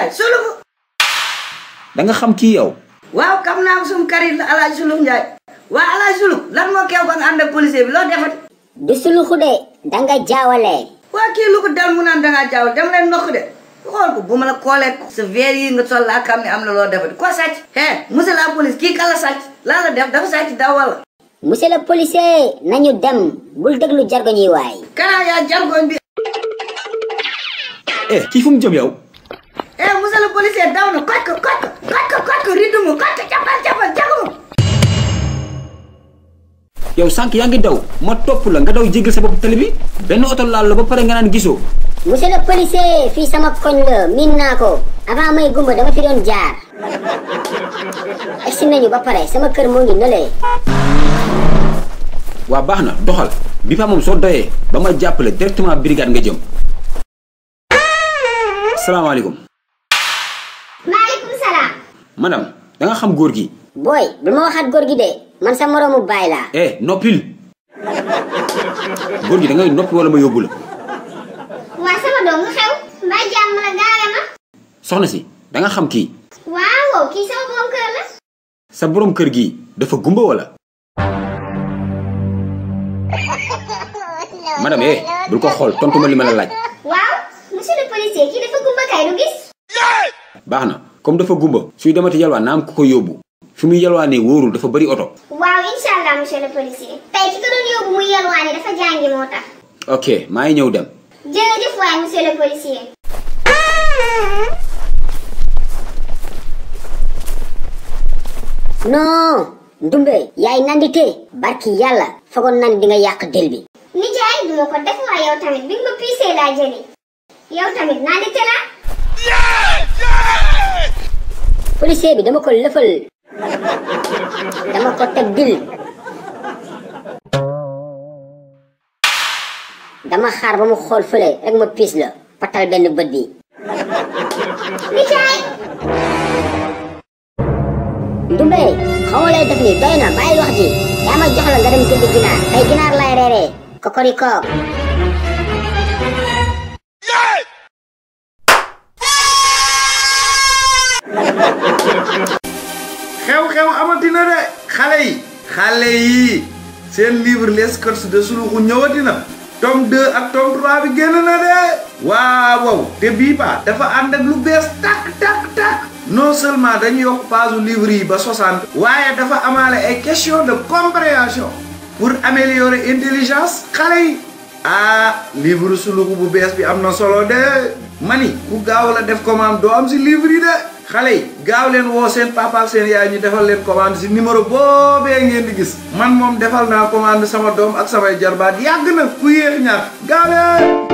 Ndiaye Suluf. da nga xam kii yow. waaw xam naa sum karit la ala sulung, Suluf Ndiaye. waa El Hadj Suluf lan moo kew ba nga ànd ak le, bi loo defati. du suluxu de da nga jaawale. waa kii lu ko dal mu naan da ngaa jaawale dem leen nokk de. xool ko bu la koolee sa verre yi nga sol laa xam am na loo defati koo sàcc. hee monsieur la police kii kala sàcc laa la def dafa sàcc daw monsieur le policier nañu dem bul déglu jargoñ yi kan jargoñ bi. eh kifung fu jëm yow sedão, corta, corta, corta, corta o ritmo, corta, chapa, chapa, chapa. yow sank yaangi daw ma top la nga daw jigil sa bop tele bi ben auto laal la ba pare nga nan gisso monsieur le policier fi sama koñ la min nako avant may gumba dama fi don jaar exi nañu ba pare sama keur mo ngi nele wa baxna doxal bi fa mom so doye bama jappale directement brigade nga jëm assalamu alaykum madam da nga xam gorgi boy bima waxat gorgi de man sa moromu baay eh nopil Gorgi, da nga nopi wala ma yobula wa sama doom lu xew mbaa jam la gaare ma soxna si da nga xam ki waaw ki sama borom keur la sa borom keur gi dafa gumba wala Madam eh bu ko xol tontu ma limala laaj waaw monsieur le policier kii dafa gumba kay du gis baxna comme dafa gumba suy demati yalwaan nam am ku ko yóbbu fi muy ne worul dafa bari auto waaw inshallah monsieur le policier tay ci ko yobbu mu muy ne dafa jangi motax tax ok maa ngi ñew dem def waay monsieur le policier non ndumbe yaay nandite barki yalla fagoon nan di nga yak del bi ni jaay du mako def waa yow tamit bi nga piisee laa jëli yow tamit nandite la yeah! policier bi dama ko lëfal dama ko teg dil dama xaar ba mu xool fële rek ma piis la patal benn bët bi Ndumbe xaw ma lay def nii doy na bàyyi wax ji yaa ma jox la nga dem jënd ginaar tey ginaar laay reeree kokoriko xew-xew amati na de xale yi xale yi seen livre les courses de suluxu ñëwati na tome 2 ak tome 3 bi génn de waaw te bii ba dafa ànd ak lu bees tak tak tak non seulement dañu yokk paasu livre yi ba 60 waaye dafa amaale ay question de compréhension pour améliorer intelligence xale yi ah livre suluxu bu bees bi am na solo de mani ku gaaw def commande doo am si livre yi de xale yi gaaw leen woo seen papa seen yaay ñu defal leen commande si numéro boobee ngeen di gis man moom defal naa commande sama doom ak samay jarbaat yàgg na ku yéex ñaar gaaw leen